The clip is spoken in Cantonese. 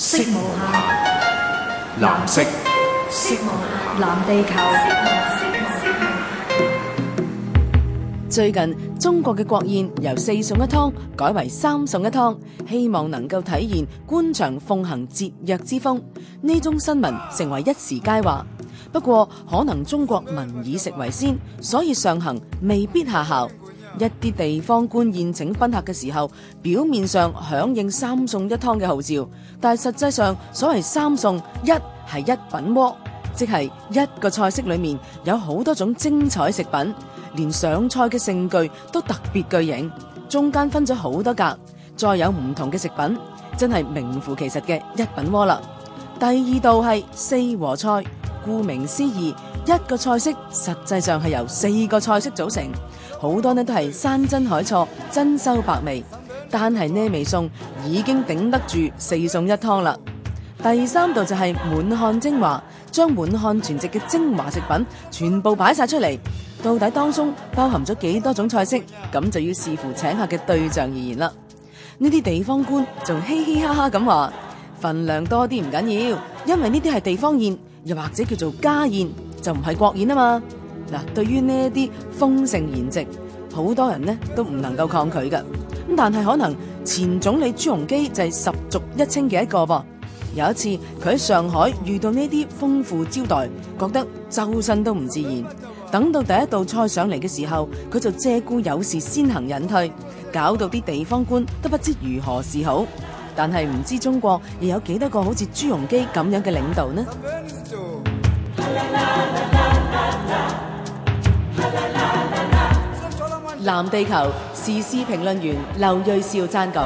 色無暇，藍色。色無暇，藍地球。藍地球，最近中國嘅國宴由四餸一湯改為三餸一湯，希望能夠體現官場奉行節約之風。呢宗新聞成為一時佳話，不過可能中國民以食為先，所以上行未必下效。一啲地方官宴請賓客嘅時候，表面上響應三餸一湯嘅號召，但係實際上所謂三餸一係一品鍋，即係一個菜式裏面有好多種精彩食品，連上菜嘅盛具都特別巨型，中間分咗好多格，再有唔同嘅食品，真係名副其實嘅一品鍋啦。第二道係四和菜，顧名思義。一個菜式實際上係由四個菜式組成，好多呢都係山珍海錯、珍饈百味，但係呢味餸已經頂得住四餸一湯啦。第三道就係滿漢精華，將滿漢全席嘅精華食品全部擺晒出嚟。到底當中包含咗幾多種菜式？咁就要視乎請客嘅對象而言啦。呢啲地方官仲嘻嘻哈哈咁話，份量多啲唔緊要，因為呢啲係地方宴，又或者叫做家宴。就唔係國宴啊嘛！嗱，對於呢一啲豐盛筵席，好多人呢都唔能夠抗拒嘅。咁但係可能前總理朱鎔基就係十足一清嘅一個噃。有一次佢喺上海遇到呢啲豐富招待，覺得周身都唔自然。等到第一道菜上嚟嘅時候，佢就借故有事先行隱退，搞到啲地方官都不知如何是好。但係唔知道中國又有幾多個好似朱鎔基咁樣嘅領導呢？藍地球時事評論員劉銳紹撰稿。